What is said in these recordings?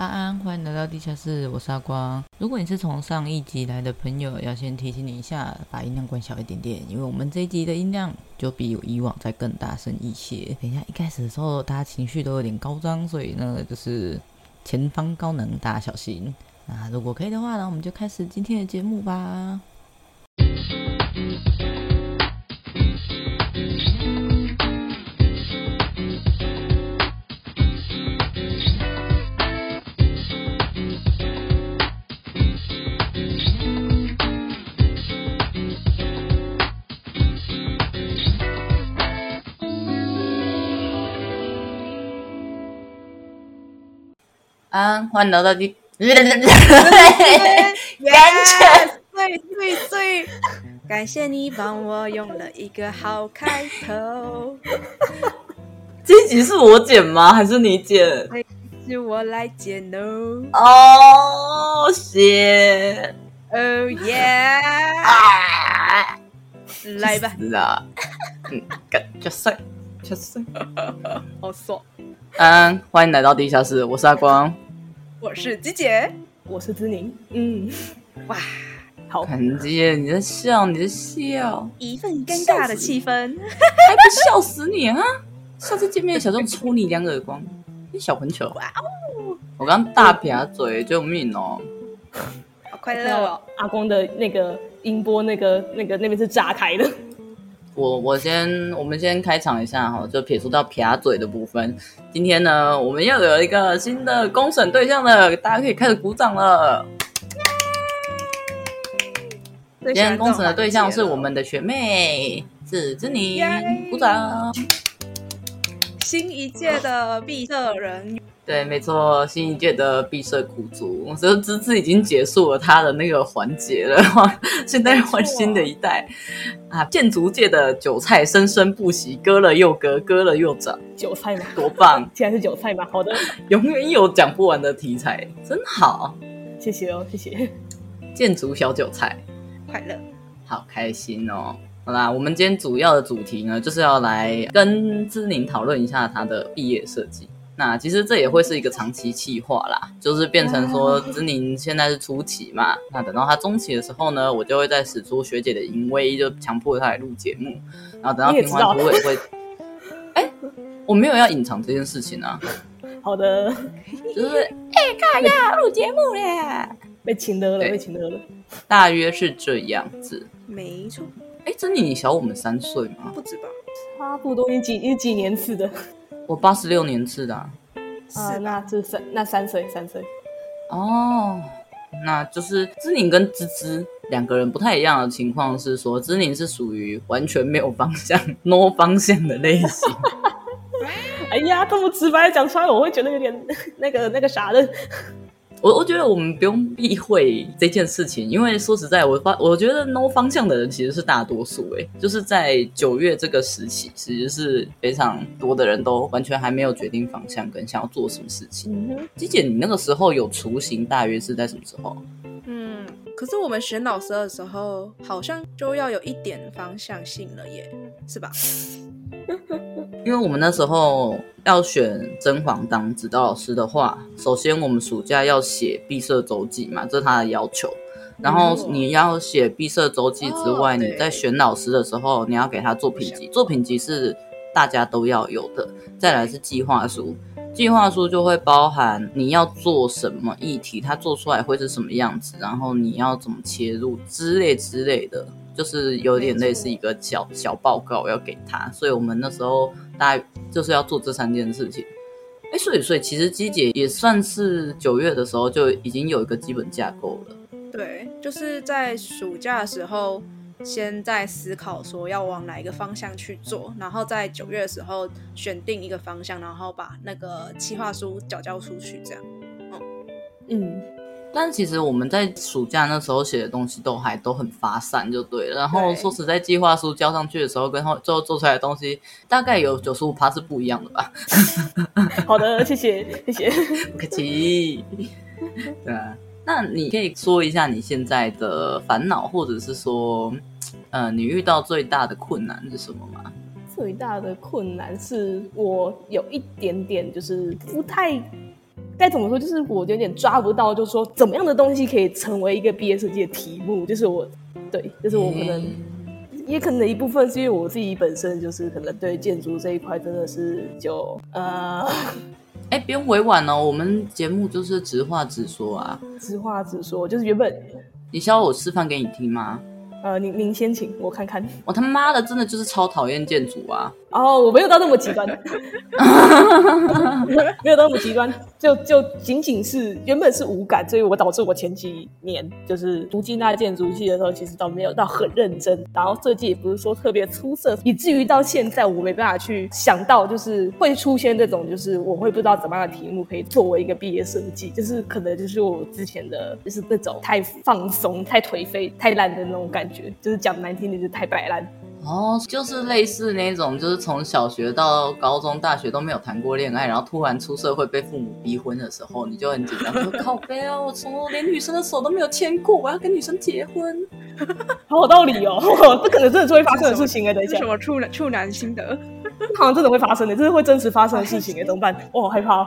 安安、啊，歡迎來到地下室，我是阿光。如果你是從上一集來的朋友，要先提醒你一下，把音量關小一點點，因為我們這一集的音量就比以往再更大聲一些。等一下一開始的時候，大家情緒都有點高漲，所以呢就是前方高能，大家小心。那如果可以的話呢，我們就開始今天的節目吧。歡迎、啊、來到地，哈哈哈！最最最感謝你幫我用了一個好開頭。這集是我剪嗎？還是你剪？是我來剪嘍！哦，shit！Oh yeah！Oh, yeah.、啊、來吧！哈哈，總決賽，決賽，好爽！安安，歡迎來到地下事，我是阿光。我是姬姐，我是姿寧，嗯，哇，好，姬姐你在笑，你在笑，一份尷尬的氣氛，還不笑死你啊！ 下次見面小心抽你兩個耳光，你小混球！哇哦、我剛大撇嘴救命哦！好快樂哦！阿公的那個音波、那個，那個那個那邊是炸開的。我我先，我們先開場一下哈，就撇除到撇嘴的部分。今天呢，我們又有一個新的公審對象了，大家可以開始鼓掌了。今天 Yay! 公審的對象是我們的學妹姿寧，鼓掌。新一屆的畢設人。Oh. 對，沒錯，新一屆的畢設苦主，我覺得芝芝已經結束了他的那個環節了，現在換新的一代、哦、啊！建築界的韭菜生生不息，割了又割，割了又割，割了又長，韭菜嘛，多棒！既然是韭菜嗎？好的，永遠有講不完的題材，真好，謝謝哦，謝謝，建築小韭菜，快樂，好開心哦！好啦，我們今天主要的主題呢，就是要來跟姿寧討論一下他的畢業設計。那其實這也會是一個長期企劃啦，就是變成說，姿寧現在是初期嘛，那等到她中期的時候呢，我就會再使出學姐的淫威，就強迫她來錄節目，然後等到平凡不過會，哎、 欸，我沒有要隱藏這件事情啊。好的，就是哎、 欸，看呀，錄節目了，對被了，被請到了，被請到了，大約是這樣子。沒錯錯，哎、欸，姿寧你小我們三歲嗎？不知道差不多，你幾你幾年次的？我八十六年次的。啊，呃、是吧，那這三、那三歲三歲哦。那就是姿寧跟芝芝兩個人不太一樣的情況是說，姿寧是屬於完全沒有方向 no 方向的類型。 哎呀，這麼直白的講出來，我會覺得有點那個那個啥的。 我我覺得我們不用避諱這件事情，因為說實在，我發我覺得 no 方向的人其實是大多數哎、欸，就是在九月這個時期，其實是非常多的人都完全還沒有決定方向跟想要做什麼事情。雞、嗯、哼姐，你那個時候有雛形，大約是在什麼時候？嗯，可是我們選老師的時候，好像就要有一點方向性了耶，是吧？ 因為我們那時候要選甄黃當指導老師的話，首先我們暑假要寫畢設週記嘛，這是他的要求。然後你要寫畢設週記之外，哦、你在選老師的時候，你要給他作品集，作品集是大家都要有的。再來是計劃書，計劃書就會包含你要做什麼議題，它做出來會是什麼樣子，然後你要怎麼切入之類之類的，就是有點類似一個小錯小報告我要給他。所以我們那時候。大就是要做這三件事情，哎，所以所以其實機姐也算是九月的時候就已經有一個基本架構了。對，就是在暑假的時候先在思考說要往哪一個方向去做，然後在九月的時候選定一個方向，然後把那個企劃書繳交出去，這樣，嗯。嗯但其實我們在暑假那時候寫的東西都還都很發散，就對。對然後說實在，計劃書交上去的時候，跟後最後做，做出來的東西大概有九十五趴是不一樣的吧。 好的 謝謝，謝謝，謝不客氣。 對啊，那你可以說一下你現在的煩惱，或者是說，呃，你遇到最大的困難是什麼嗎？最大的困難是我有一點點就是不太。該怎麼說？就是我就有點抓不到，就是說怎麼樣的東西可以成為一個畢業設計的題目？就是我，對，就是我可能，嗯、也可能一部分是因為我自己本身就是可能對建築這一塊真的是就呃，哎、欸，別委婉了、喔，我們節目就是直話直說啊，直話直說，就是原本你需要我示範給你聽嗎？呃，您您先請，我看看，我他媽的真的就是超討厭建築啊！然後我沒有到那麼極端， 沒有到那麼極端，就就僅僅是原本是無感，所以我導致我前幾年就是讀經大建築系的時候，其實倒沒有到很認真，然後設計也不是說特別出色，以至於到現在我沒辦法去想到就是會出現這種就是我會不知道怎麼樣的題目可以作為一個畢業設計，就是可能就是我之前的就是那種太放鬆、太頹廢、太爛的那種感覺，就是講難聽點就太擺爛。哦，就是類似那種，就是從小學到高中、大學都沒有談過戀愛，然後突然出社會被父母逼婚的時候，你就很緊張。 靠北啊！我從連女生的手都沒有牽過，我要跟女生結婚，好有道理哦。這可能真的是會發生的事情哎、欸，等一下，什麼處男處男心得，好像真的會發生的，這是會真實發生的事情哎，怎麼辦？我好害怕。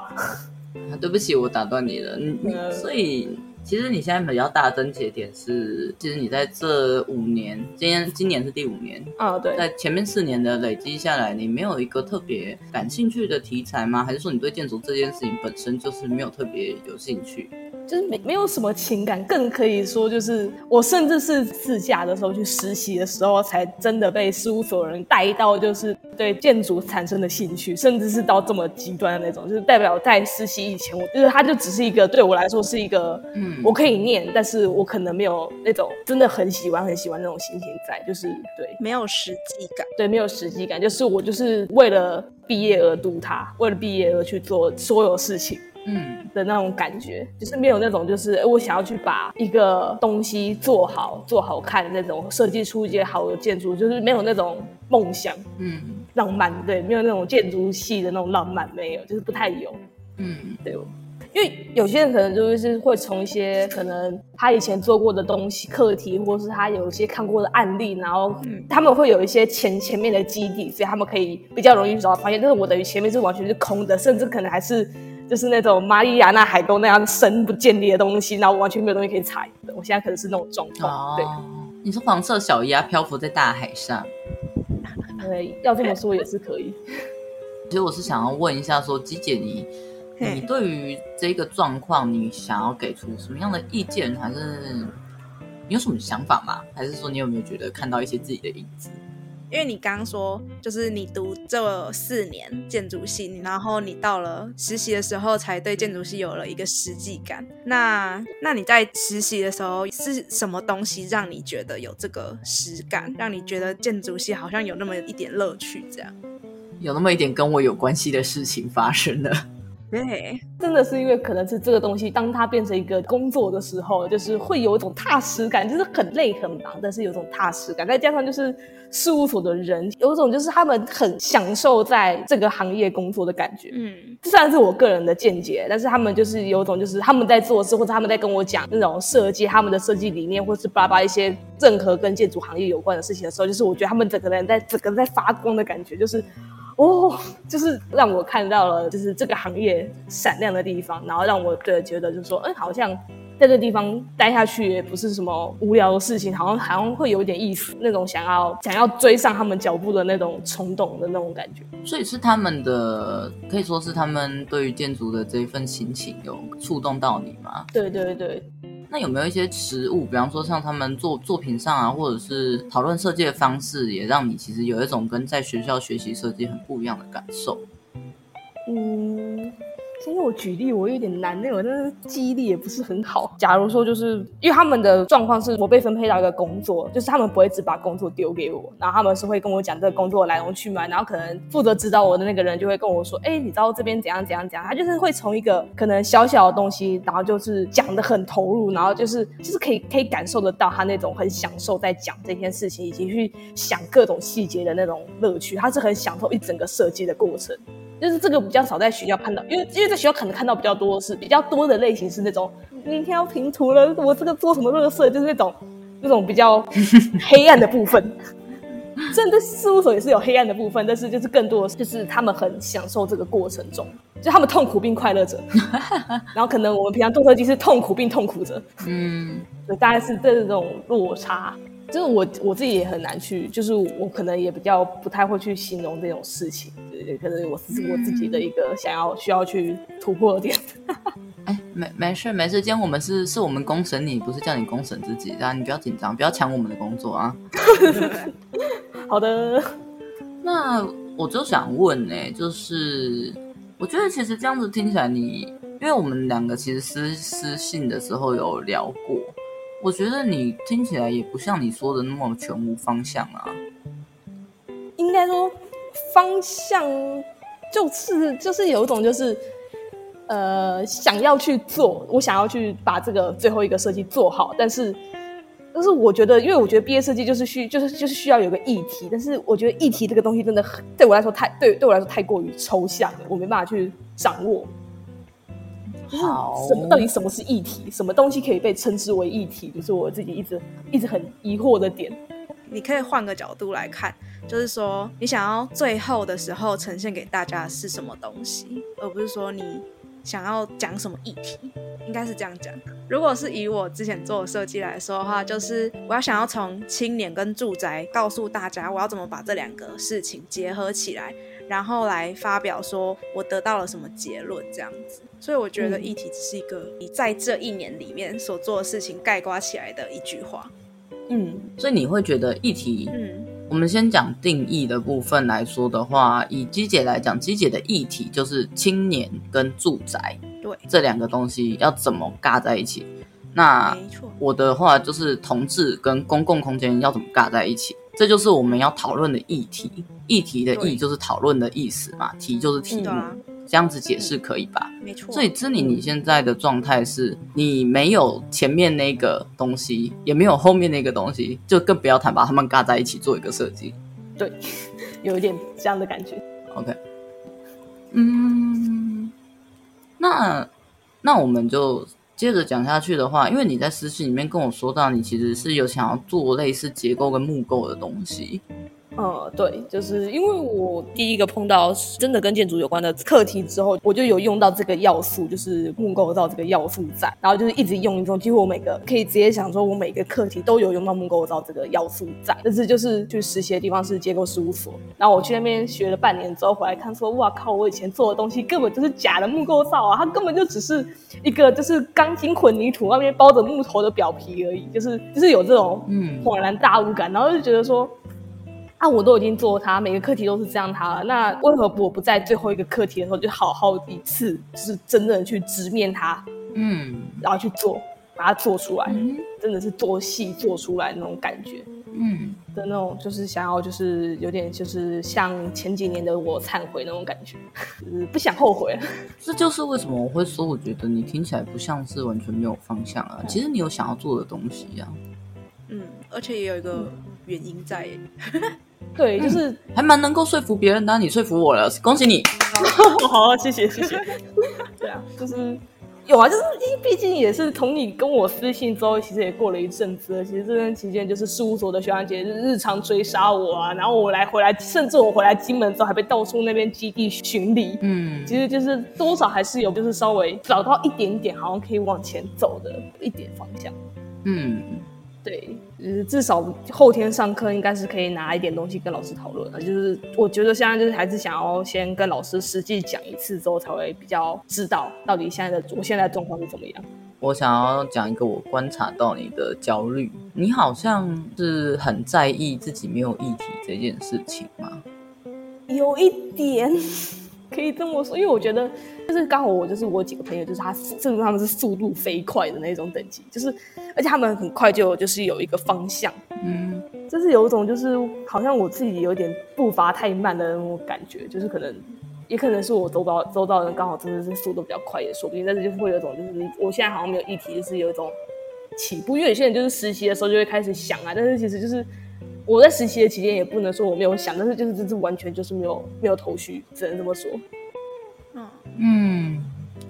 對不起，我打斷你了。嗯、所以。其實你現在比較大的癥結點是，其實你在這五年，今天今年是第五年啊、哦，對，在前面四年的累積下來，你沒有一個特別感興趣的題材嗎？還是說你對建築這件事情本身就是沒有特別有興趣？就是沒沒有什麼情感，更可以說就是我甚至是四下的時候去實習的時候，才真的被事務所人帶到，就是對建築產生的興趣，甚至是到這麼極端的那種，就是代表在實習以前，我就是它就只是一個對我來說是一個嗯。我可以念，但是我可能沒有那種真的很喜歡、很喜歡那種心情在，就是對，對，沒有實際感，對，沒有實際感，就是我就是為了畢業而讀它，為了畢業而去做所有事情，嗯的那種感覺，嗯、就是沒有那種，就是哎、欸，我想要去把一個東西做好、做好看的那種，設計出一些好的建築，就是沒有那種夢想，嗯，浪漫，對，沒有那種建築系的那種浪漫，沒有，就是不太有，嗯，對。因為有些人可能就是會從一些可能他以前做過的東西、課題，或者是他有一些看過的案例，然後他們會有一些前前面的基地，所以他們可以比較容易找到發現，但是我等於前面是完全是空的，甚至可能還是就是那種馬里亞納海溝那樣深不見底的東西，然後完全沒有東西可以踩。我現在可能是那種狀況。對，你說黃色小鴨漂浮在大海上 對，要這麼說也是可以。 其實我是想要問一下說，說，雞姐你。你對於這個狀況，你想要給出什麼樣的意見，還是你有什麼想法嗎？還是說你有沒有覺得看到一些自己的影子？因為你剛剛說，就是你讀這四年建築系，然後你到了實習的時候才對建築系有了一個實際感。那那你在實習的時候是什麼東西讓你覺得有這個實感，讓你覺得建築系好像有那麼一點樂趣？這樣有那麼一點跟我有關係的事情發生了。對，真的是因為可能是這個東西，當它變成一個工作的時候，就是會有一種踏實感，就是很累很忙，但是有種踏實感。再加上就是事務所的人，有種就是他們很享受在這個行業工作的感覺。嗯，這算是我個人的見解，但是他們就是有種就是他們在做事，或者他們在跟我講那種設計他們的設計理念或者是巴巴一些任何跟建築行業有關的事情的時候，就是我覺得他們整個人在整個在發光的感覺，就是。哦，就是讓我看到了，就是這個行業閃亮的地方，然後讓我對，覺得就是說，嗯、呃，好像在這個地方待下去也不是什麼無聊的事情，好像好像會有一點意思，那種想要想要追上他們腳步的那種衝動的那種感覺。所以是他們的，可以說是他們對於建築的這一份心情，情有觸動到你嗎？對對對。那有沒有一些實務，比方說像他們做作品上啊，或者是討論設計的方式，也讓你其實有一種跟在學校學習設計很不一樣的感受？嗯。因為我舉例我有點難那種，但是記憶力也不是很好。假如說就是因為他們的狀況是我被分配到一個工作，就是他們不會只把工作丟給我，然後他們是會跟我講這個工作來龍去脈，然後可能負責指導我的那個人就會跟我說，哎，你知道這邊怎樣怎樣怎樣。他就是會從一個可能小小的東西，然後就是講的很投入，然後就是就是可以可以感受得到他那種很享受在講這件事情以及去想各種細節的那種樂趣。他是很享受一整個設計的過程，就是這個比較少在學校碰到，因為因為。在學校可能看到比較多的是比較多的類型是那種明天要評圖了，我這個做什麼垃圾，就是那種那種比較黑暗的部分。真的，事務所也是有黑暗的部分，但是就是更多的就是他們很享受這個過程中，就他們痛苦並快樂着。 然後可能我們平常做設計是痛苦並痛苦着。嗯，大概是這種落差，就是我我自己也很難去，就是我可能也比較不太會去形容這種事情。可是我是我自己的一個想要、嗯、需要去突破點。哎，沒沒事沒事，今天我們是是我們公審你，不是叫你公審自己，啊，你不要緊張，不要搶我們的工作啊。 好的，那我就想問呢、欸，就是我覺得其實這樣子聽起來你，因為我們兩個其實私私信的時候有聊過，我覺得你聽起來也不像你說的那麼全無方向啊，應該說。方向就是就是有一種就是，呃，想要去做，我想要去把這個最後一個設計做好，但是但是我覺得，因為我覺得畢業設計就是需就是就是需要有個議題，但是我覺得議題這個東西真的很，對我來說太，對，對我來說太過於抽象了，我沒辦法去掌握。好，什麼到底什麼是議題？什麼東西可以被稱之為議題？就是我自己一直一直很疑惑的點。你可以換個角度來看。就是說，你想要最後的時候呈現給大家是什麼東西，而不是說你想要講什麼議題，應該是這樣講的。如果是以我之前做的設計來說的話，就是我要想要從青年跟住宅告訴大家，我要怎麼把這兩個事情結合起來，然後來發表說我得到了什麼結論這樣子。所以我覺得議題只是一個你在這一年裡面所做的事情概括起來的一句話。嗯，所以你會覺得議題，嗯。我們先講定義的部分來說的話，以基姐來講，基姐的議題就是青年跟住宅，對，這兩個東西要怎麼尬在一起？那我的話就是同志跟公共空間要怎麼尬在一起？這就是我們要討論的議題。對議題的議就是討論的意思嘛，對題就是題目，嗯啊、這樣子解釋可以吧？沒錯。所以，姿寧你現在的狀態是，對你沒有前面那個東西，也沒有後面那個東西，就更不要談把他們嘎在一起做一個設計。對，有一點這樣的感覺。 OK，嗯，那那我們就。接着講下去的話，因為你在私信裡面跟我說到，你其實是有想要做類似結構跟木構的東西。呃、嗯，對，就是因為我第一個碰到真的跟建築有關的課題之後，我就有用到這個要素，就是木構造這個要素在，然後就是一直用一種，幾乎我每個可以直接想說，我每個課題都有用到木構造這個要素在。但是就是去實習的地方是結構事務所，然後我去那邊學了半年之後，回來看說，哇靠，我以前做的東西根本就是假的木構造啊，它根本就只是一個就是鋼筋混凝土外面包着木頭的表皮而已，就是就是有這種嗯恍然大悟感，嗯、然後就覺得說。那、啊、我都已經做它，每個課題都是這樣它了。那為何不我不在最後一個課題的時候就好好一次，就是真的去直面它，嗯，然後去做，把它做出來，嗯、真的是做戲做出來那種感覺，嗯，的那種就是想要就是有點就是像前幾年的我懺悔那種感覺，就是、不想後悔。這就是為什麼我會說，我覺得你聽起來不像是完全沒有方向啊，嗯、其實你有想要做的東西一樣、啊，嗯。而且也有一個原因在，嗯、 對，就是、嗯、還蠻能夠說服別人、啊。那你說服我了，恭喜你！嗯、好，謝謝哇謝謝。對啊，就是有啊，就是因為畢竟也是從你跟我私信之後，其實也過了一陣子了。其實這段期間，就是事務所的學長姐日常追殺我啊，然後我來回來，甚至我回來金門之後還被到處那邊基地巡禮。嗯，其實就是多少還是有，就是稍微找到一點點，好像可以往前走的一點方向。嗯，對。至少後天上課應該是可以拿一點東西跟老師討論。就是我覺得現在就是還是想要先跟老師實際講一次之後，才會比較知道到底現在的我，現在的狀況是怎麼樣。我想要講一個我觀察到你的焦慮，你好像是很在意自己沒有議題這件事情嗎？有一點。可以這麼說，因為我覺得就是剛好我就是我幾個朋友，就是他，甚至他們是速度飛快的那種等級，就是而且他們很快就就是有一個方向，嗯，就是有一種就是好像我自己有點步伐太慢的那種感覺，就是可能也可能是我周到周到人剛好真的是速度比較快也，說不定，但是就是會有一種就是我現在好像沒有議題，就是有一種起步，因為有些人就是實習的時候就會開始想啊，但是其實就是。我在實習的期間也不能說我沒有想，但是就是就是完全就是沒有沒有頭緒，只能這麼說。嗯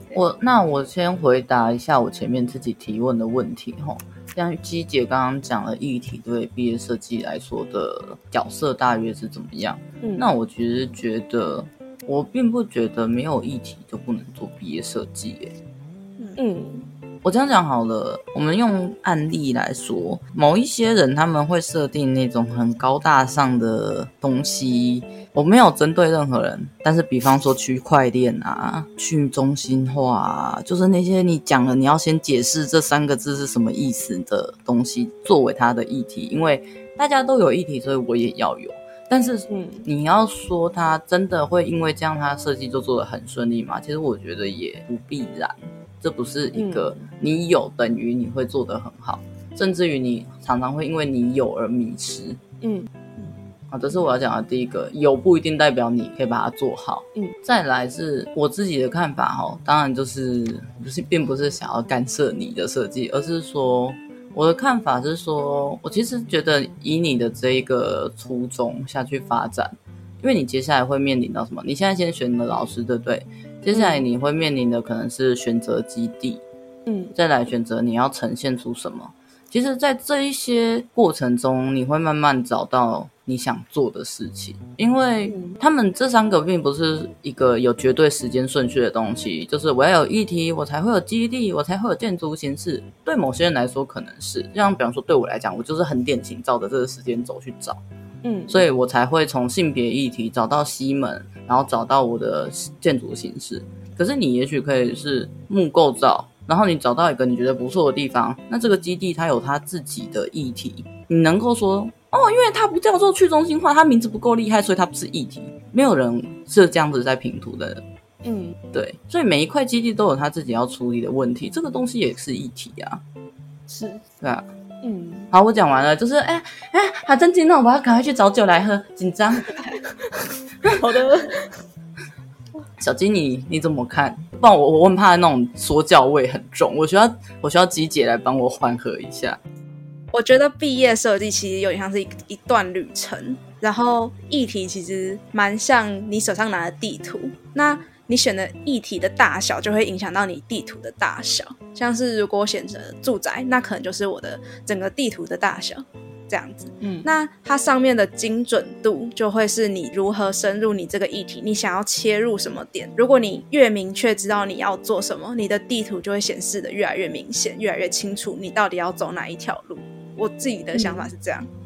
Okay. 我那我先回答一下我前面自己提問的問題，哦，像雞姐剛剛講了議題對畢業設計來說的角色大約是怎麼樣？嗯，那我其實覺得我並不覺得沒有議題就不能做畢業設計耶。嗯。嗯我這樣講好了，我們用案例來說，某一些人他們會設定那種很高大上的東西，我沒有針對任何人，但是比方說區塊鏈啊、去中心化啊，就是那些你講的你要先解釋這三個字是什麼意思的東西作為它的議題，因為大家都有議題，所以我也要有。但是你要說它真的會因為這樣，它設計就做得很順利嗎？其實我覺得也不必然。這不是一個你有等於你會做得很好，嗯、甚至於你常常會因為你有而迷失。嗯，好、啊，這是我要講的第一個，有不一定代表你可以把它做好。嗯，再來是我自己的看法哦，當然就是不是，並不是想要干涉你的設計，而是說我的看法是說，我其實覺得以你的這一個初衷下去發展，因為你接下來會面臨到什麼？你現在先選你的老師，對不對？嗯接下來你會面臨的可能是選擇基地，嗯，再來選擇你要呈現出什麼。其實，在這一些過程中，你會慢慢找到你想做的事情，因為他們這三個並不是一個有絕對時間順序的東西。就是我要有議題，我才會有基地，我才會有建築形式。對某些人來說，可能是像比方說對我來講，我就是很典型照着這個時間軸去找，嗯，所以我才會從性別議題找到西門。然後找到我的建築形式。可是你也許可以是木構造，然後你找到一個你覺得不錯的地方，那這個基地它有它自己的議題，你能夠說哦，因為它不叫做去中心化，它名字不夠厲害，所以它不是議題，沒有人是這樣子在評圖的人，嗯，對，所以每一塊基地都有它自己要處理的問題，這個東西也是議題啊，是，對啊。嗯，好，我講完了，就是，哎、欸，哎、欸，好震驚哦！我要趕快去找酒來喝，緊張。 好的， 小金你，你你怎麼看？不然我，我我很怕那種說教味很重，我需要我需要雞姐來幫我緩和一下。我覺得畢業設計其實有點像是一一段旅程，然後議題其實蠻像你手上拿的地圖。那。你選的議題的大小就會影響到你地圖的大小，像是如果我選擇住宅，那可能就是我的整個地圖的大小這樣子。嗯，那它上面的精準度就會是你如何深入你這個議題，你想要切入什麼點。如果你越明確知道你要做什麼，你的地圖就會顯示得越來越明顯，越來越清楚，你到底要走哪一條路。我自己的想法是這樣。嗯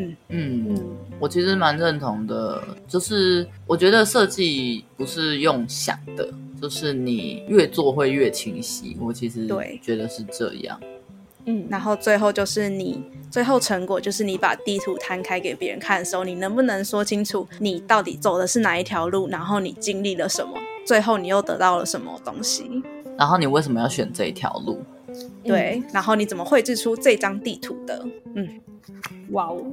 嗯，嗯，我其實蠻認同的，就是我覺得設計不是用想的，就是你越做會越清晰。我其實對覺得是這樣。嗯，然後最後就是你最後成果，就是你把地圖攤開給別人看的時候，你能不能說清楚你到底走的是哪一條路，然後你經歷了什麼，最後你又得到了什麼東西？然後你為什麼要選這一條路？嗯、對，然後你怎麼繪製出這張地圖的？嗯。哇哦，wow,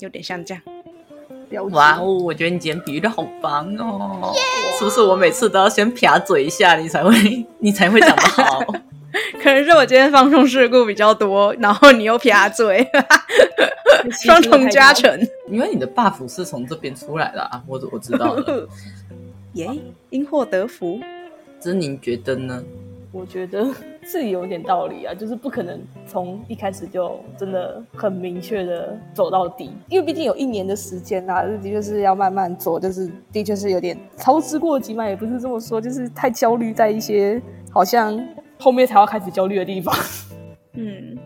有點像這樣。哇哦，wow, 我覺得你今天比喻的好棒哦！Yeah! 是不是我每次都要先撇嘴一下，你才會你才會長得好？ 可能是我今天放縱事故比較多，然後你又撇嘴， 雙重加成。 因為你的 buff 是從這邊出來的啊，我我知道了。耶 Yeah,、嗯，因禍得福。姿寧覺得呢？我覺得。是有點道理啊，就是不可能從一開始就真的很明確的走到底，因為畢竟有一年的時間啊，這、就是、的確是要慢慢做，就是的確是有點操之過急嘛，也不是這麼說，就是太焦慮在一些好像後面才要開始焦慮的地方。嗯，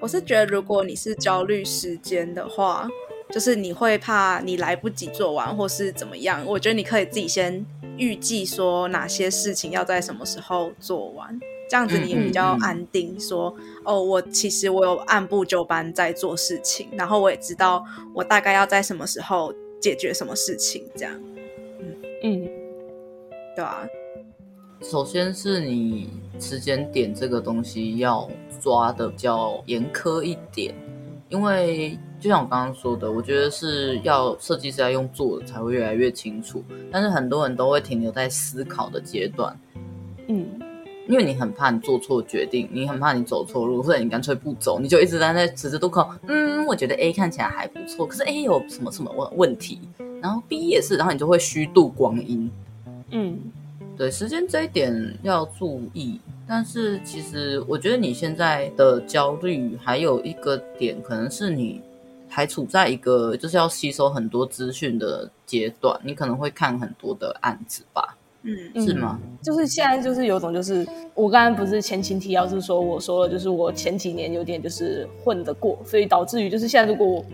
我是覺得如果你是焦慮時間的話，就是你會怕你來不及做完或是怎麼樣，我覺得你可以自己先預計說哪些事情要在什麼時候做完。這樣子你比較安定說，說、嗯嗯嗯、哦，我其實我有按部就班在做事情，然後我也知道我大概要在什麼時候解決什麼事情，這樣，嗯嗯，對啊。首先是你時間點這個東西要抓得比較嚴苛一點，因為就像我剛剛說的，我覺得是要設計師要用做的才會越來越清楚，但是很多人都會停留在思考的階段，嗯。因為你很怕你做錯決定，你很怕你走錯路，或者你乾脆不走，你就一直在在十字路口。嗯，我覺得 A 看起來還不錯，可是 A 有什麼什麼問問題，然後 B 也是，然後你就會虛度光陰。嗯，對，時間這一點要注意。但是其實我覺得你現在的焦慮還有一個點，可能是你還處在一個就是要吸收很多資訊的階段，你可能會看很多的案子吧。嗯，是嗎、嗯？就是現在，就是有種，就是我剛剛不是前情提要是說，我說了，就是我前幾年有點就是混得過，所以導致於就是現在，如果我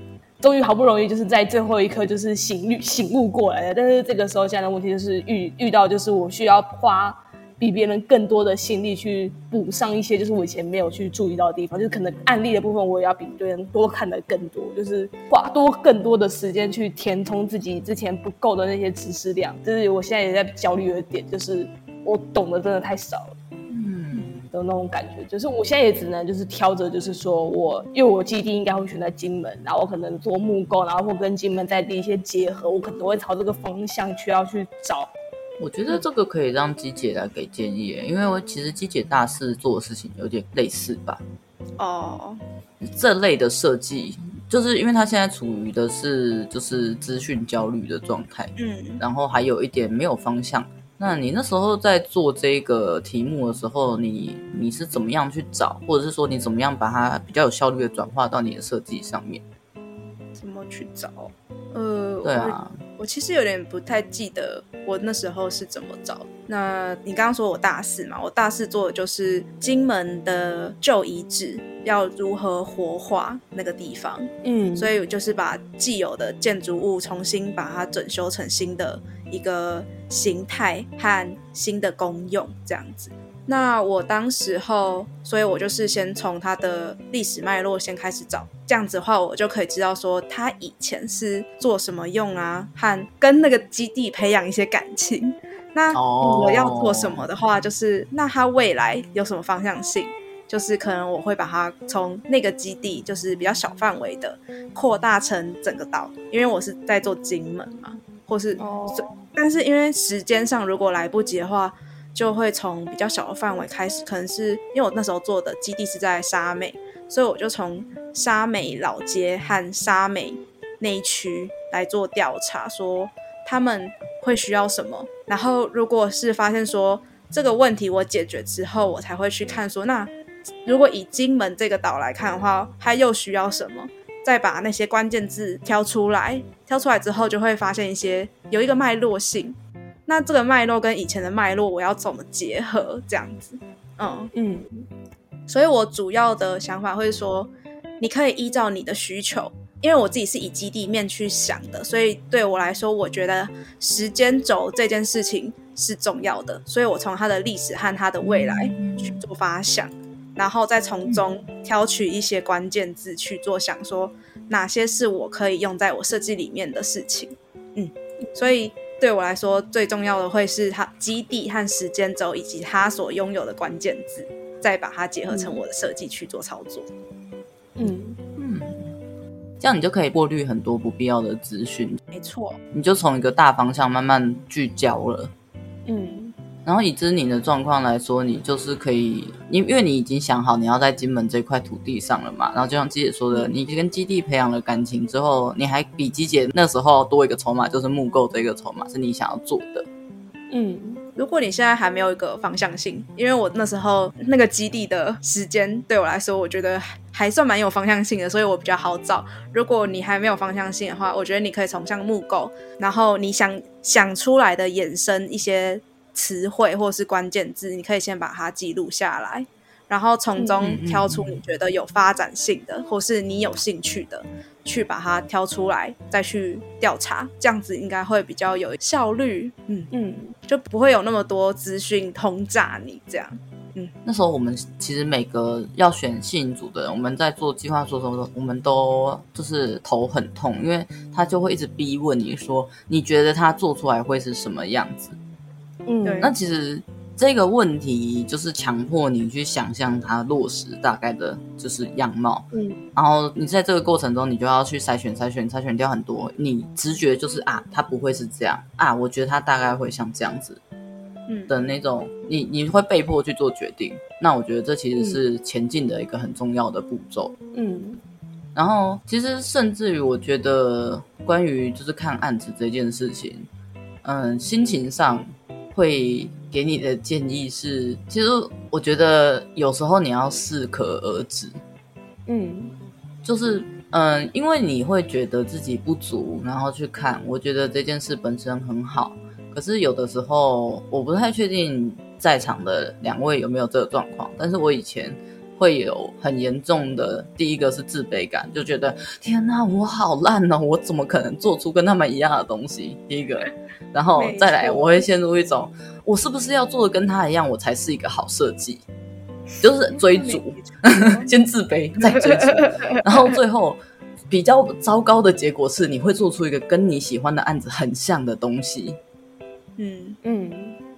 終於好不容易就是在最後一刻就是醒醒悟過來了，但是這個時候現在的問題就是遇遇到就是我需要花。比別人更多的心力去補上一些，就是我以前沒有去注意到的地方，就是可能案例的部分，我也要比別人多看的更多，就是花多更多的時間去填充自己之前不夠的那些知識量。就是我現在也在焦慮的點，就是我懂得真的太少了，嗯，的那種感覺。就是我現在也只能就是挑着，就是說我因為我基地應該會選在金門，然後我可能做木工，然後或跟金門在地一些結合，我可能都會朝這個方向去要去找。我覺得這個可以讓雞姐來給建議，因為其實雞姐大四做的事情有點類似吧。哦，oh. 這類的設計，就是因為他現在處於的是就是資訊焦慮的狀態，嗯，mm. 然後還有一點沒有方向。那你那時候在做這個題目的時候，你你是怎麼樣去找，或者是說你怎麼樣把它比較有效率的轉化到你的設計上面？怎麼去找？呃，對啊。我其實有點不太記得我那時候是怎麼找。那你剛剛說我大四嘛。我大四做的就是金門的舊遺址要如何活化那個地方，嗯，所以我就是把既有的建築物重新把它整修成新的一個形態和新的功用這樣子。那我當時候，所以我就是先從他的歷史脈絡先開始找，這樣子的話，我就可以知道說他以前是做什麼用啊，和跟那個基地培養一些感情。那我要做什麼的話，就是、oh. 那他未來有什麼方向性，就是可能我會把它從那個基地，就是比較小範圍的，擴大成整個島，因為我是在做金門嘛，或是，oh. 但是因為時間上如果來不及的話，就會從比較小的範圍開始，可能是因為我那時候做的基地是在沙美，所以我就從沙美老街和沙美那一區來做調查，說他們會需要什麼。然後如果是發現說這個問題我解決之後，我才會去看說，那如果以金門這個島來看的話，它又需要什麼？再把那些關鍵字挑出來，挑出來之後就會發現一些有一個脈絡性。那這個脈絡跟以前的脈絡，我要怎麼結合？這樣子，嗯嗯，所以我主要的想法會說，你可以依照你的需求，因為我自己是以基地面去想的，所以對我來說，我覺得時間軸這件事情是重要的，所以我從它的歷史和它的未來去做發想，然後再從中挑取一些關鍵字去做想說，哪些是我可以用在我設計裡面的事情，嗯，所以。對我來說，最重要的會是它基地和時間軸，以及他所擁有的關鍵字，再把它結合成我的設計去做操作。嗯嗯，嗯，這樣你就可以過濾很多不必要的資訊。沒錯，你就從一個大方向慢慢聚焦了。嗯。然後以你的狀況來說，你就是可以，因因為你已經想好你要在金門這塊土地上了嘛。然後就像雞姐說的，你已經跟基地培養了感情之後，你還比雞姐那時候多一個籌碼，就是木構這個籌碼是你想要做的。嗯，如果你現在還沒有一個方向性，因為我那時候那個基地的時間對我來說，我覺得還算蠻有方向性的，所以我比較好找。如果你還沒有方向性的話，我覺得你可以從像木構，然後你想想出來的衍生一些。詞彙或是關鍵字，你可以先把它記錄下來，然後從中挑出你覺得有發展性的、嗯嗯嗯、或是你有興趣的，去把它挑出來再去調查，這樣子應該會比較有效率。嗯嗯，就不會有那麼多資訊轟炸你這樣。嗯，那時候我們其實每個要選信主組的人，我們在做計劃、做的時候，我們都就是頭很痛，因為他就會一直逼問你說，你覺得他做出來會是什麼樣子？嗯，對，那其實這個問題就是強迫你去想象它落實大概的就是樣貌，嗯，然後你在這個過程中，你就要去篩選、篩選、篩選掉很多，你直覺就是啊，它不會是這樣啊，我覺得它大概會像這樣子，嗯的那種，嗯、你你會被迫去做決定，那我覺得這其實是前進的一個很重要的步驟、嗯，嗯，然後其實甚至於我覺得關於就是看案子這件事情，嗯、呃，心情上。嗯會給你的建議是，其實我覺得有時候你要適可而止，嗯，就是嗯，因為你會覺得自己不足，然後去看，我覺得這件事本身很好，可是有的時候我不太確定在場的兩位有沒有這個狀況，但是我以前。會有很嚴重的，第一個是自卑感，就覺得天哪，我好爛哦，我怎麼可能做出跟他們一樣的東西？第一個，然後再來，我會陷入一種，沒錯我是不是要做的跟他一樣，我才是一個好設計？就是追逐，沒錯 先自卑，再追逐， 然後最後比較糟糕的結果是，你會做出一個跟你喜歡的案子很像的東西。嗯嗯，嗯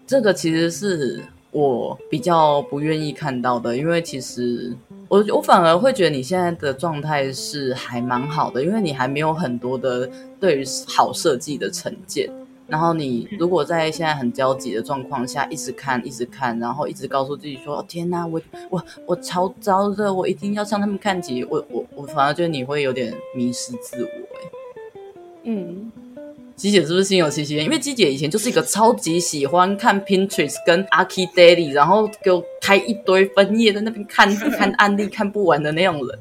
這個其實是。我比較不願意看到的，因為其實我我反而會覺得你現在的狀態是還蠻好的，因為你還沒有很多的對於好設計的成見。然後你如果在現在很焦急的狀況下一直看一直看，然後一直告訴自己說：“天哪，啊，我我我超糟的，我一定要向他們看齊。”我我我，我反而覺得你會有點迷失自我，欸。嗯。雞姐是不是心有戚戚？因為雞姐以前就是一個超級喜歡看 Pinterest 跟 ArchDaily 然後就開一堆分頁在那邊看看案例，看不完的那種人。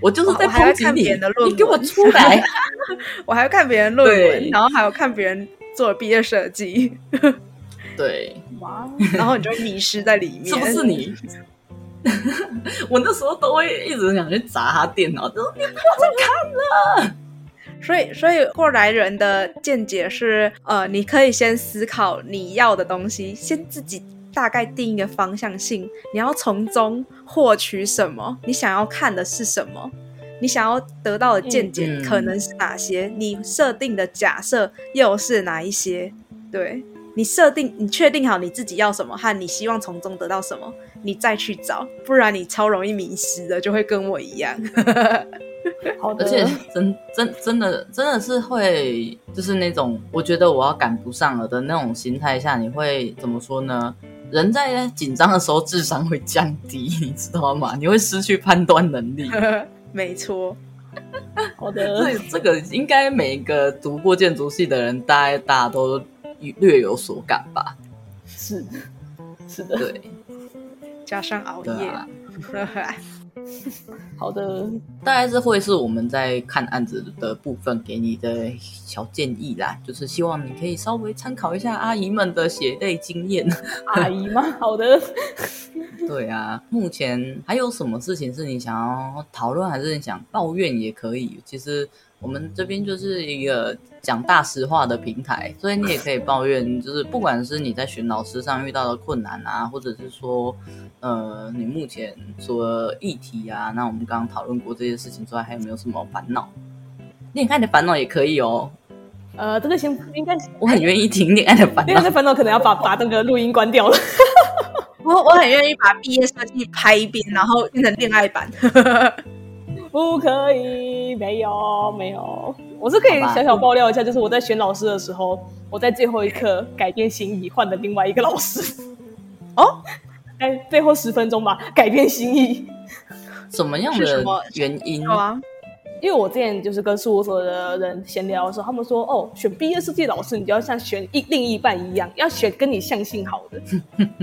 我就是在還要看別人的論文，你給我出來！ 我還要看別人論文，對然後還有看別人做畢業設計。對。哇。Wow, 然後你就迷失在裡面。是不是你？ 我那時候都會一直想去砸他電腦，他說：“你不要再看了。”所以，所以過來人的見解是，呃，你可以先思考你要的東西，先自己大概定一個方向性，你要從中獲取什麼，你想要看的是什麼，你想要得到的見解可能是哪些，嗯，你設定的假設又是哪一些，對。你設定，你確定好你自己要什麼和你希望從中得到什麼，你再去找，不然你超容易迷失的，就會跟我一樣。 好的，而且真真真的真的是會，就是那種我覺得我要趕不上了的那種心態下，你會怎麼說呢？人在緊張的時候智商會降低，你知道嗎？你會失去判斷能力。 沒錯，好的，這這個應該每一個讀過建築系的人，大概大家都。 略有所感吧，是的，是的，對，加上熬夜，啊、 好的，大概是會是我們在看案子的部分給你的小建議啦，就是希望你可以稍微參考一下阿姨們的血淚經驗， 阿姨嗎？好的， 對啊，目前還有什麼事情是你想要討論，還是你想抱怨也可以？其實。我們這邊就是一個講大實話的平台，所以你也可以抱怨，就是不管是你在選老師上遇到的困難啊，或者是說，呃，你目前除了議題啊，那我們剛剛討論過這些事情之外，還有沒有什麼煩惱？戀愛的煩惱也可以哦。呃，這個先應該我很願意聽戀愛的煩惱。戀愛的煩惱可能要把把那個錄音關掉了。 我我很願意把畢業設計拍一遍，然後變成戀愛版。 不可以，沒有沒有，我是可以小小爆料一下，吧就是我在選老師的時候，我在最後一刻改變心意，換了另外一個老師。哦，哎，最後十分鐘吧，改變心意，什麼樣的原因？好啊。因為我之前就是跟事務所的人閒聊的時候，他們說哦，選畢業設計老師你就要像選一另一半一樣，要選跟你相性好的，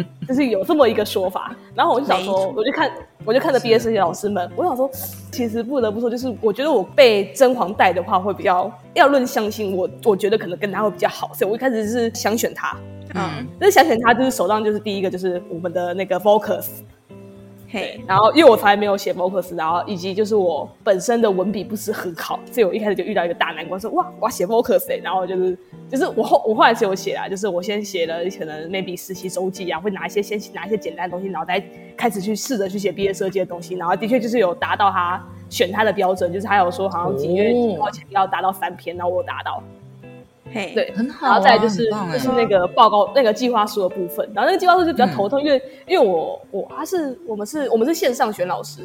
就是有這麼一個說法。然後我就想說，我就看，我就看着畢業設計老師們，是我想說，其實不得不說，就是我覺得我被甄嬛帶的話會比較，要論相性我，我我覺得可能跟他會比較好，所以我一開始是想選他，嗯，就是想選他，就是手上就是第一個就是我們的那個 focus。對，然後，因為我從來沒有寫 focus，然後以及就是我本身的文筆不是很好，所以我一開始就遇到一個大難關，說哇，我要寫 focus、欸、然後就是就是我後我後來是有寫啊，就是我先寫了可能 maybe 實習周記啊，會拿一些先拿一些簡單的東西，然後再開始去試着去寫畢業設計的東西，然後的確就是有達到他選他的標準，就是他有說好像幾月幾號、哦、前要達到三篇，然後我有達到。對，很好。然後再就是就是那個報告、那個計劃書的部分。然後那個計劃書就比較頭痛，因為因為我我他是我們是我們是線上選老師，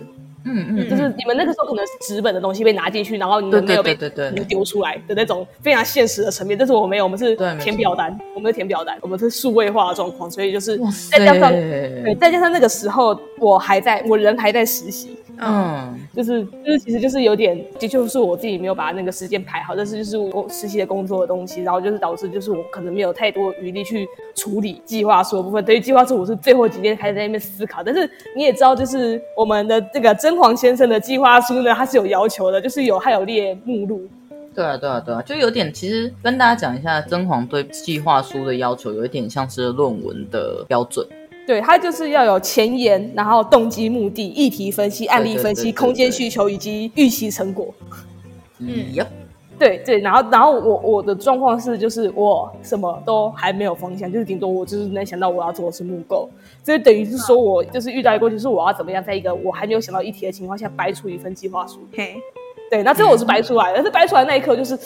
嗯嗯，就是你們那個時候可能是紙本的東西被拿進去，然後你們沒有被，對對對，你們丟出來的那種非常現實的層面。但是我沒有，我們是填表單，我們是填表單，我們是數位化的狀況，所以就是再加上，對，再加上那個時候我還在我人還在實習。嗯、就是，就是就是，其實就是有點，的、就、確是我自己沒有把那個時間排好，但是就是我實習的工作的東西，然後就是導致就是我可能沒有太多餘力去處理計劃書的部分。對於計劃書，我是最後幾天開始在那邊思考。但是你也知道，就是我們的這個甄黃先生的計劃書呢，他是有要求的，就是有還有列目錄。對啊，對啊，對啊，就有點，其實跟大家講一下，甄黃對計劃書的要求有一點像是論文的標準。對，它就是要有前言，然後動機、目的、議題分析、案例分析、空間需求以及預期成果。嗯呀，對對，然後然後我我的狀況是，就是我什麼都還沒有方向，就是頂多我就是能想到我要做的是木構，所以等於是說我就是遇到一個，就是我要怎麼樣，在一個我還沒有想到議題的情況下，掰出一份計劃書。嘿，對，那最後我是掰出來了，那掰、嗯、出來那一刻就是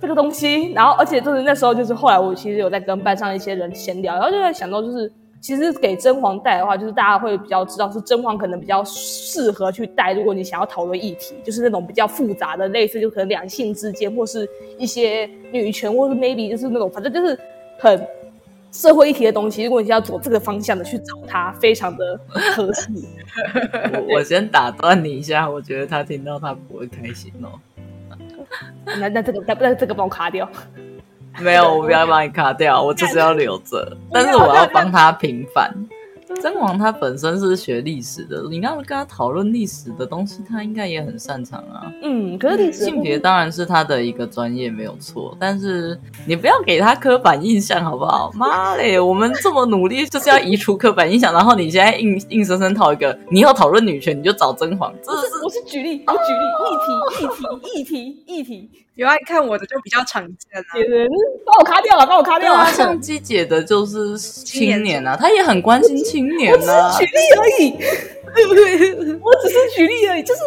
這個東西，然後而且就是那時候就是後來我其實有在跟班上一些人閒聊，然後就在想到就是。其實給甄嬛帶的話，就是大家會比較知道，是甄嬛可能比較適合去帶。如果你想要討論議題，就是那種比較複雜的，類似就可能兩性之間，或是一些女權，或是 maybe 就是那種，反正就是很社會議題的東西。如果你要走這個方向的去找他，非常的合適。 我我先打斷你一下，我覺得他聽到他不會開心哦。 那那這個那那這個幫我卡掉。沒有，我不要把你卡掉，我就是要留着。但是我要幫他平反。甄嬛，他本身是學歷史的，你剛剛跟他討論歷史的東西，他應該也很擅長啊。嗯，可是性別當然是他的一個專業，沒有錯。但是你不要給他刻板印象，好不好？媽嘞，我們這麼努力 就是要移除刻板印象，然後你現在硬硬生生套一個，你以後討論女權你就找甄嬛。這是我是，我是舉例，我舉例，哦、議題，議題，議題，議題。有愛看我的就比較常見。啊，把我卡掉了，把我卡掉了。啊、像機姐的，就是青年吶、啊，年他也很關心青年吶、啊。我只是舉例而已，對不對？我只是舉例而已，就是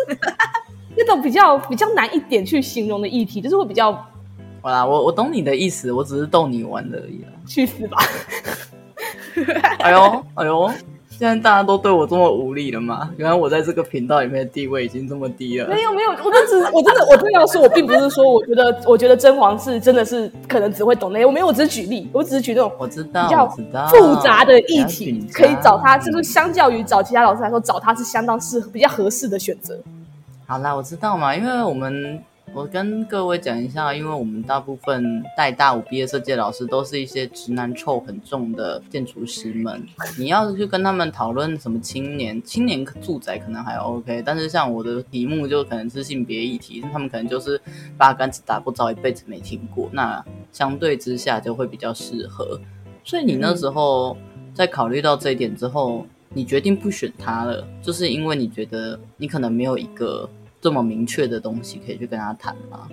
那種比較比較難一點去形容的議題，就是會比較。好啦，我我懂你的意思，我只是逗你玩的而已。去死吧！ 哎喲哎喲現在大家都對我這麼無力了嗎？原來我在這個頻道裡面的地位已經這麼低了。沒有沒有，我只我真的我真的要說我並不是說我覺得我覺得甄嬛是真的是可能只會懂那些，我沒有，我只是舉例，我只是舉那種我知道比較複雜的議題，可以找他，就是，是相較於找其他老師來說，找他是相當適比較合適的選擇。好啦，我知道嘛，因為我們。我跟各位講一下，因為我們大部分帶大五畢業設計的老師都是一些直男臭很重的建築師們。你要是去跟他們討論什麼青年青年住宅，可能還 OK。但是像我的題目就可能是性別議題，他們可能就是八竿子打不着，一輩子沒聽過。那相對之下就會比較適合。所以你那時候在考慮到這一點之後，你決定不選他了，就是因為你覺得你可能沒有一個。這麼明確的東西可以去跟他談嗎？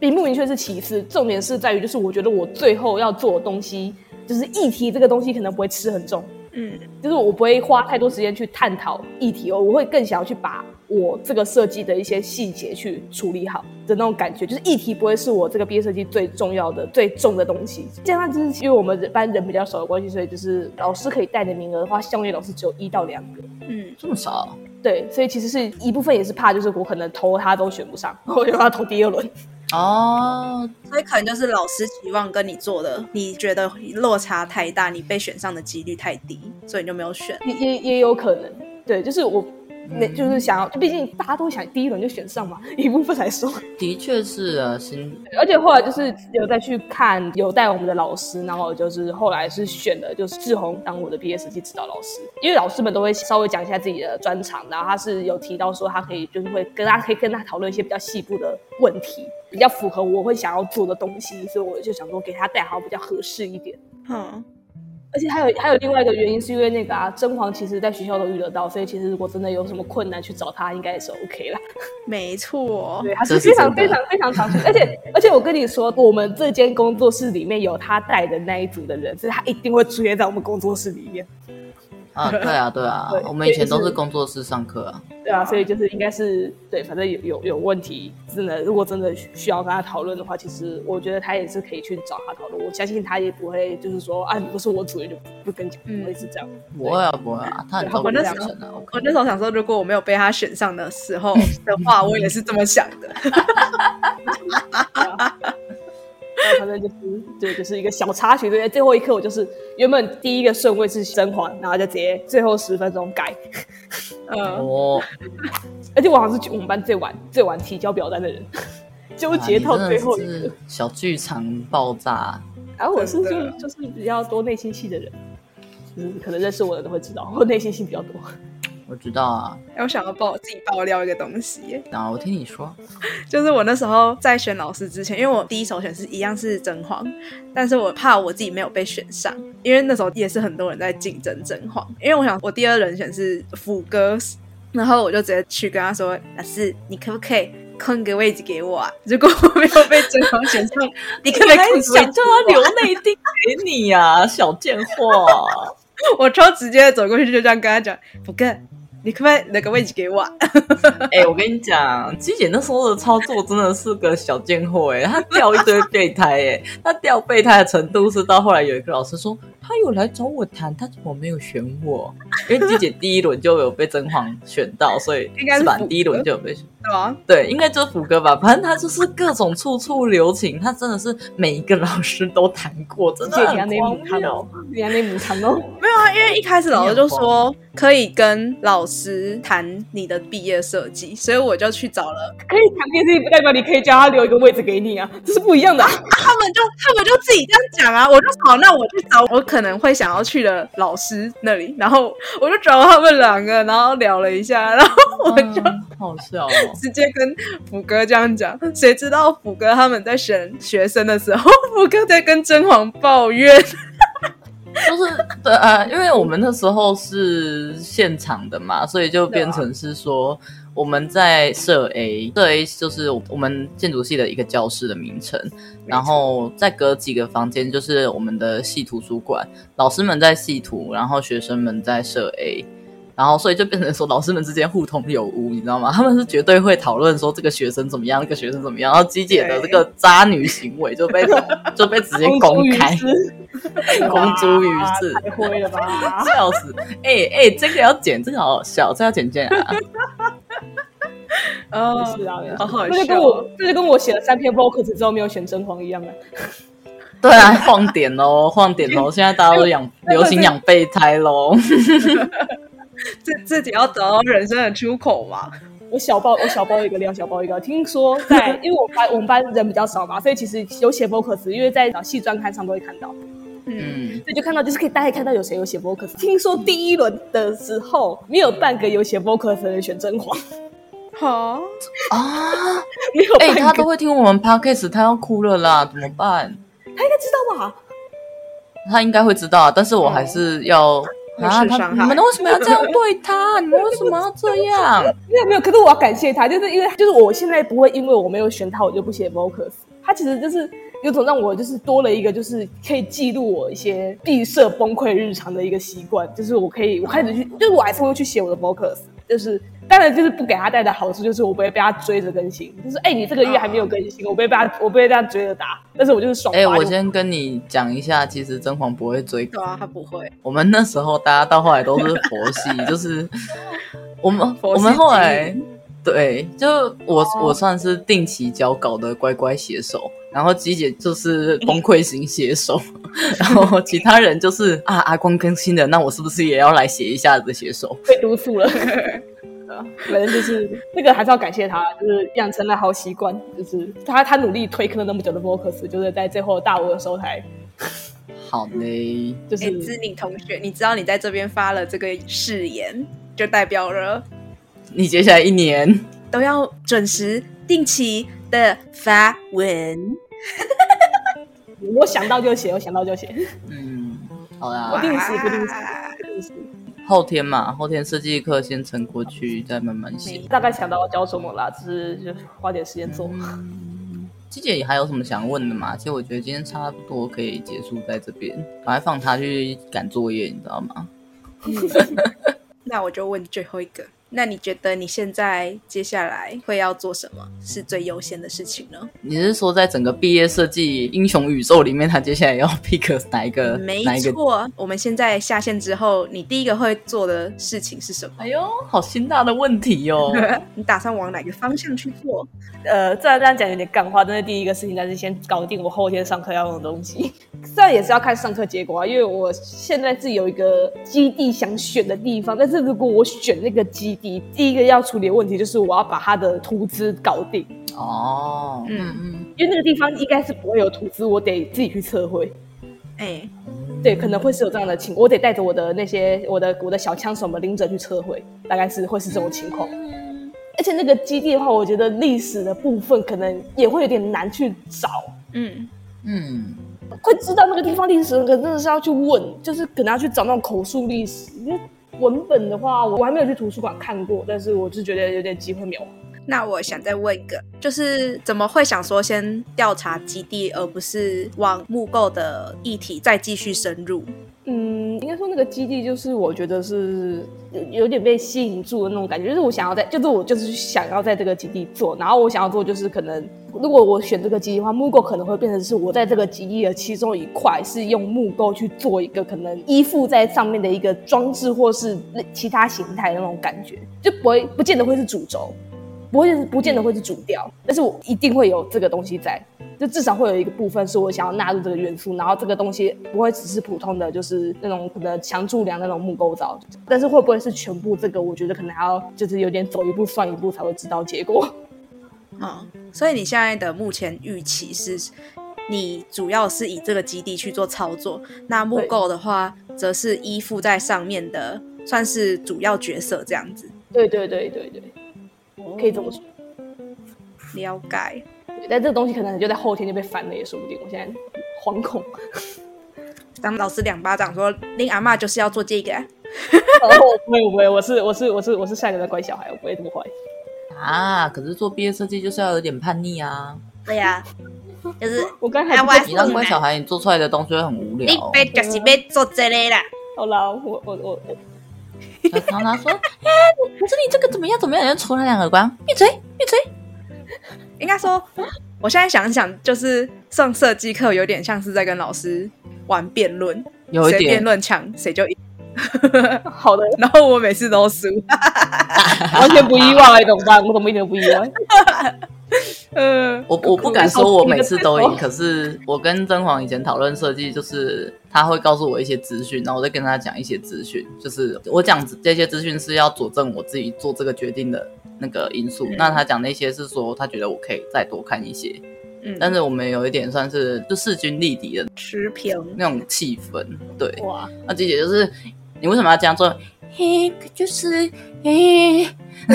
明不明確是其次，重點是在於就是我覺得我最後要做的東西就是議題這個東西可能不會吃很重，嗯，就是我不會花太多時間去探討議題哦，我會更想要去把我這個設計的一些細節去處理好的那種感覺，就是議題不會是我這個畢業設計最重要的、最重的東西。加上就是因為我們班人比較少的關係，所以就是老師可以帶的名額的話，校內老師只有一到兩個，嗯，這麼少。對，所以其實是一部分也是怕，就是我可能投他都選不上，我就怕投第二輪。哦，oh. 所以可能就是老師期望跟你做的，你覺得你落差太大，你被選上的幾率太低，所以你就沒有選。也也也有可能，對，就是我。那、嗯、就是想要，就畢竟大家都想第一輪就選上嘛，一部分來說。的確是啊，新，而且後來就是有再去看，有帶我們的老師，然後就是後來是選的，就是志宏當我的畢業設計指導老師。因為老師們都會稍微講一下自己的專長，然後他是有提到說他可以就是會跟他可以跟他討論一些比較細部的問題，比較符合我會想要做的東西，所以我就想說給他帶好比較合適一點。好、嗯。而且還有還有另外一個原因，是因為那個啊，甄黃其實在學校都遇得到，所以其實如果真的有什麼困難，去找他，應該也是 OK 啦。沒錯錯， 對，他是非常非常非常常見，而且而且我跟你說，我們這間工作室裡面有他帶的那一組的人，所以他一定會出現在我們工作室裡面。啊，對啊，對啊，對，我們以前都是工作室上課啊。對，就是、對啊，所以就是應該是對，反正有有有問題，真的如果真的需要跟他討論的話，其實我覺得他也是可以去找他討論。我相信他也不會就是說啊，你不是我主任就不跟講，不、嗯、會是這樣不、啊。不會，啊不會，他很善良，我那時候，我那時候想說，如果我沒有被他選上的時候的話， 我也是這麼想的。 反正就是，對，就是一個小插曲。對，對？最後一刻，我就是原本第一個順位是甄嬛，然後就直接最後十分鐘改。嗯，我，而且我好像是我們班最晚、哦、最晚提交表單的人，糾結、啊、到最後一刻。啊、小劇場爆炸。然後我是就就是比較多內心戲的人，就是、可能認識我的都會知道，我內心戲比較多。我知道啊，欸、我想要爆自己爆料一個東西。啊，我聽你說，就是我那時候在選老師之前，因為我第一首選是一樣是甄黃，但是我怕我自己沒有被選上，因為那時候也是很多人在競爭甄黃。因為我想我第二人選是福哥，然後我就直接去跟他說：“ 老師，你可不可以空個位置給我、啊？如果我沒有被甄黃選上， 你可不可以選叫、啊、他留內地給你呀、啊， 小賤貨！” 我超直接的走過去，就這樣跟他講：“福哥。”你可不可以那個位置給我？哎 欸，我跟你講，季姐那時候的操作真的是個小賤貨哎，她掉一堆備胎哎、欸，她掉備胎的程度是到後來有一個老師說，她有來找我談，她怎麼沒有選我？因為季姐第一輪就有被甄嬛選到，所以應該是吧，第一輪就有被選到。對啊， 對，應該就福哥吧。反正他就是各種處處留情，他真的是每一個老師都談過，真的很狂聊，連你談哦。沒有啊，因為一開始老師就說可以跟老師談你的畢業設計，所以我就去找了。可以談畢業設計，不代表你可以叫他留一個位置給你啊，這是不一樣的。他們就他們就自己這樣講啊，我就好，那我去找我可能會想要去的老師那裡，然後我就找了他們兩個，然後聊了一下，然後我就。 好笑、哦，直接 跟福哥這樣講，誰知道福哥他們在選學生的時候，福哥在跟甄嬛抱怨， 就是對啊，因為我們那時候是現場的嘛，所以就變成是說我們在設 A，、啊、設 A 就是我們建築系的一個教室的名稱，錯然後再隔幾個房間就是我們的系圖書館，老師們在系圖，然後學生們在設 A。然後，所以就變成說，老師們之間互通有無，你知道嗎？他們是絕對會討論說這個學生怎麼樣，那個學生怎麼樣。然後雞姐的這個渣女行為就被就被直接公開，公諸於世，太灰了吧！笑死！哎、欸、哎、欸，這個要剪，這個好好笑，這個、要剪這樣啊？是啊、哦，好好笑。這就跟我這就 跟我寫了三篇 v o 博 s 之後沒有選真黃一樣的。對啊，晃點囉，晃 點囉。現在大家都養流行養備胎嘍。 自己要找到人生的出口嘛？我小包我小包一個料，小包一個。聽說在，因為我們班我們班人比較少嘛，所以其實有寫 Vocus 因為在小戲專刊上都會看到。嗯，所以就看到就是可以大概看到有誰有寫 Vocus 聽說第一輪的時候，嗯、沒有半個有寫 Vocus 的人選甄嬛。好啊哈， 沒哎、欸，他都會聽我們 podcast，他要哭了啦，怎麼辦？他應該知道吧？他應該會知道啊，但是我還是要。嗯啊、他，你們為什麼要這樣對他？你們為什麼要這樣？ 沒有沒有，可是我要感謝他，就是因為就是我現在不會因為我沒有選他，我就不寫 Vocus。他其實就是有種讓我就是多了一個就是可以記錄我一些畢設崩潰日常的一個習慣，就是我可以我開始去，哦、就是我還是會去寫我的 Vocus。就是，當然就是不給他帶的好處，就是我不會被他追着更新，就是哎、欸，你這個月還沒有更新，我不會被他，我不會被他追着打。但是我就是爽。哎、欸，我先跟你講一下，其實甄嬛不會追。對啊，他不會。我們那時候大家到後來都是佛系， 就是我們我們後來對，就我、哦、我算是定期交稿的乖乖寫手。然後吉姐就是崩潰型寫手， 然後其他人就是啊阿光更新的，那我是不是也要來寫一下子寫手？被督促了，啊， 反正就是那個還是要感謝他，就是養成了好習慣，就是他他努力推坑了那麼久的 VOCUS 就是在最後大五的收台。好嘞，就是姿寧、欸、同學，你知道你在這邊發了這個誓言，就代表了你接下來一年都要準時、定期，的發文 我想到就，我想到就寫，我想到就寫。嗯，好啦。我定死我定死不定時不定時不定時，後天嘛，後天設計課先沉過去，好再慢慢寫。沒大概想到我教什麼啦，嗯、就是就花點時間做。季、嗯、姐，你還有什麼想問的嗎？其實我覺得今天差不多可以結束在這邊，趕快放他去趕作業，你知道嗎？ 那我就問最後一個。那你覺得你現在接下來會要做什麼是最優先的事情呢？你是說在整個畢業設計英雄宇宙裡面，他接下來要 pick 哪一個？沒錯，我們現在下線之後，你第一個會做的事情是什麼？哎呦，好心大的問題哦。 你打算往哪個方向去做？呃，雖然這樣講有點幹話，但是第一個事情，但是先搞定我後天上課要用的東西。這 也是要看上課結果啊，因為我現在是有一個基地想選的地方，但是如果我選那個基，第第一個要處理的問題就是，我要把他的圖資搞定。哦，嗯嗯，因為那個地方應該是不會有圖資，我得自己去測繪。哎、欸，對，可能會是有這樣的情，我得帶着我的那些我的我的小槍手們拎着去測繪，大概是會是這種情況。嗯、而且那個基地的話，我覺得歷史的部分可能也會有點難去找。嗯嗯，會知道那個地方歷史，可能真的是要去問，就是可能要去找那種口述歷史。文本的話，我還沒有去圖書館看過，但是我是覺得有點機會渺茫。那我想再問一個，就是怎麼會想說先調查基地，而不是往木構的議題再繼續深入？嗯，應該說那個基地就是我覺得是。有點被吸引住的那種感覺，就是我想要在，就是我就是想要在這個基地做，然後我想要做就是可能，如果我選這個基地的話，木構可能會變成是我在這個基地的其中一塊，是用木構去做一個可能依附在上面的一個裝置，或是其他形態的那種感覺，就不會不見得會是主軸。不會不見得會是主調，但是我一定會有這個東西在，就至少會有一個部分是我想要納入這個元素，然後這個東西不會只是普通的，就是那種可能牆柱梁那種木構造，就是，但是會不會是全部這個？我覺得可能還要就是有點走一步算一步才會知道結果。啊、哦，所以你現在的目前預期是，你主要是以這個基地去做操作，那木構的話則是依附在上面的，對算是主要角色這樣子。對對對對對。可以這麼說？嗯、了解，但這個東西可能就在後天就被翻了，也說不定。我現在惶恐，當老師兩巴掌說：“你阿媽就是要做這個。 哦”哈，不會我不會，我是我是我是我是下一個的乖小孩，我不會這麼壞啊。可是做畢業設計就是要有點叛逆啊。對呀、啊，就是 我剛才、啊、我說你那乖小孩，你做出來的東西會很無聊、哦。你別就是別做這類啦。啊、好了，我我我。我 然後他說：“哎，可是你這個怎麼樣？怎麼樣？就抽他兩個耳光，一錘一錘。”應該說，我現在想一想，就是上設計課有點像是在跟老師玩辯論，有一點辯論強，誰就贏。好的，然後我每次都輸， 完全不意外、欸，怎麼辦？我怎麼一點都不意外？ 嗯，我我不敢說我每次都贏， 可是我跟曾煌以前討論設計就是。他會告訴我一些資訊，然後我再跟他講一些資訊。就是我講這，這些資訊是要佐證我自己做這個決定的那個因素。嗯、那他講那些是說他覺得我可以再多看一些，嗯。但是我們有一點算是就勢均力敵的持平那種氣氛，對。哇。那、啊、姐姐就是你為什麼要這樣做？嘿，可就是嘿，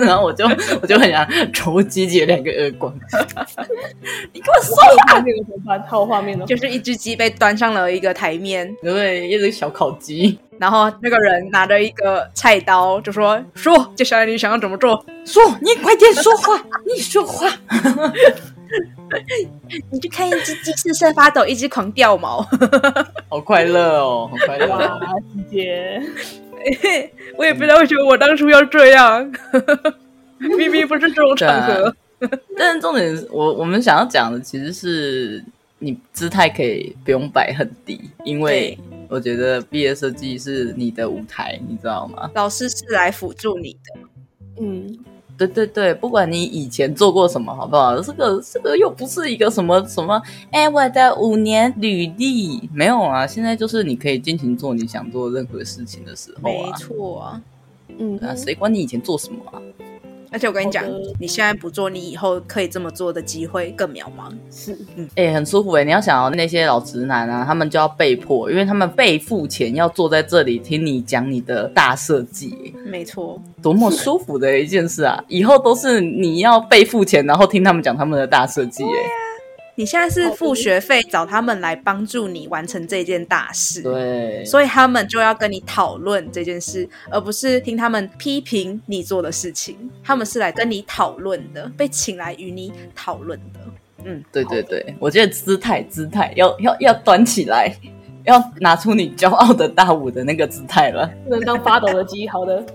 然後我就我就很想抽雞姐兩個耳光。 你給我說那個什麼超畫面的，就是一隻雞被端上了一個台面，對，一隻小烤雞，然後那個人拿着一個菜刀就說：“說，接下來你想要怎麼做？說，你快點說話，你說話。 ”你就看一隻雞瑟瑟發抖，一隻狂掉毛， 好快樂哦，好快樂哦， 啊姐姐。 我也不知道為什麼我當初要這樣，明 明不是這種場合。 但是重點是，我我們想要講的其實是，你姿態可以不用擺很低，因為我覺得畢業設計是你的舞台，對你知道嗎？老師是來輔助你的，嗯。對對對，不管你以前做過什麼，好不好？這個這個又不是一個什麼什麼，哎、欸，我的五年履歷沒有啊。現在就是你可以盡情做你想做任何事情的時候、啊、沒錯啊，嗯，嗯，啊、那誰管你以前做什麼啊？而且我跟你講，的你現在不做，你以後可以這麼做的機會更渺茫。是，嗯，哎、欸，很舒服哎、欸。你要想那些老直男啊，他們就要被迫，因為他們被付錢，要坐在這裡聽你講你的大設計。沒錯，多麼舒服的一件事啊！是以後都是你要被付錢，然後聽他們講他們的大設計、欸。Oh yeah. 你現在是付學費找他們來幫助你完成這件大事，對，所以他們就要跟你討論這件事，而不是聽他們批評你做的事情。他們是來跟你討論的，被請來與你討論的。嗯，對對對，論我覺得姿態姿態要要要端起來，要拿出你驕傲的大五的那個姿態了，不能當發抖的雞。 好的。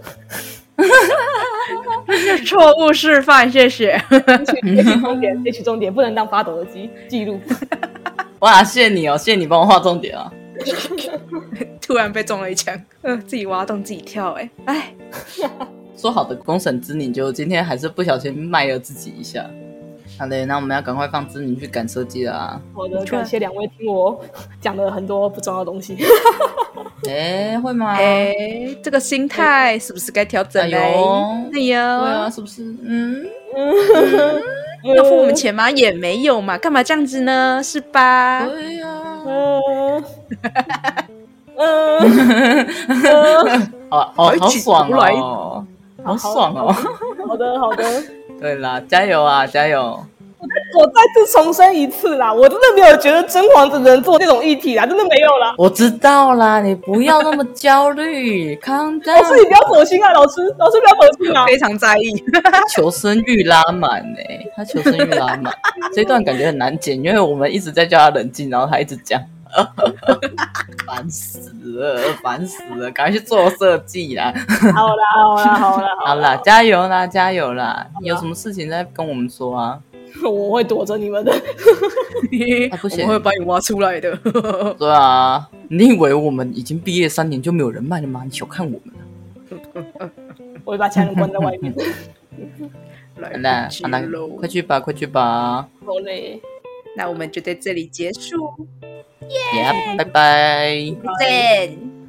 哈哈哈錯誤示範， 謝謝。別去些 重點，別去重點，不能當發抖的記記錄。哇，謝謝你哦，謝謝你幫我畫重點啊。 突然被中了一槍，嗯、呃，自己挖洞自己跳，哎哎。說好的工程之女，就今天還是不小心賣了自己一下。好的、啊，那我們要趕快放姿寧去趕設計啦。好的，感謝兩位聽我講了很多不重要的東西。哎、 欸，會嗎？哎、欸，這個心態是不是該調整了哎呀，對啊，是不是？嗯嗯，要付我們錢嗎？也沒有嘛，幹嘛這樣子呢？是吧？對呀、啊嗯，嗯，嗯，嗯，好，好、哦、好爽哦，好爽哦。好，好，好的，好的。好的 對啦，加油啊，加油！我再，我再次重申一次啦，我真的沒有覺得甄嬛只能做這種議題啊，真的沒有啦，我知道啦，你不要那麼焦慮， 康佳道老師，你不要走心啊，老師，老師不要走心啊，非常在意， 他求生欲拉滿呢、欸。他求生欲拉滿， 這段感覺很難剪，因為我們一直在叫他冷靜，然後他一直講。 煩死了，煩死了，趕快去做設計啦，啦！好啦，好啦，好啦，好啦，加油啦，加油啦！啦你有什麼事情再跟我們說啊？我會躲着你們的， 你我會把你挖出來的。 對啊，你以為我們已經畢業三年就沒有人脈了嗎？你小看我們了，啊。我會把槍關在外面。 來，阿快去吧，快去吧！好嘞。那我們就在這裡結束，耶！拜拜，再見。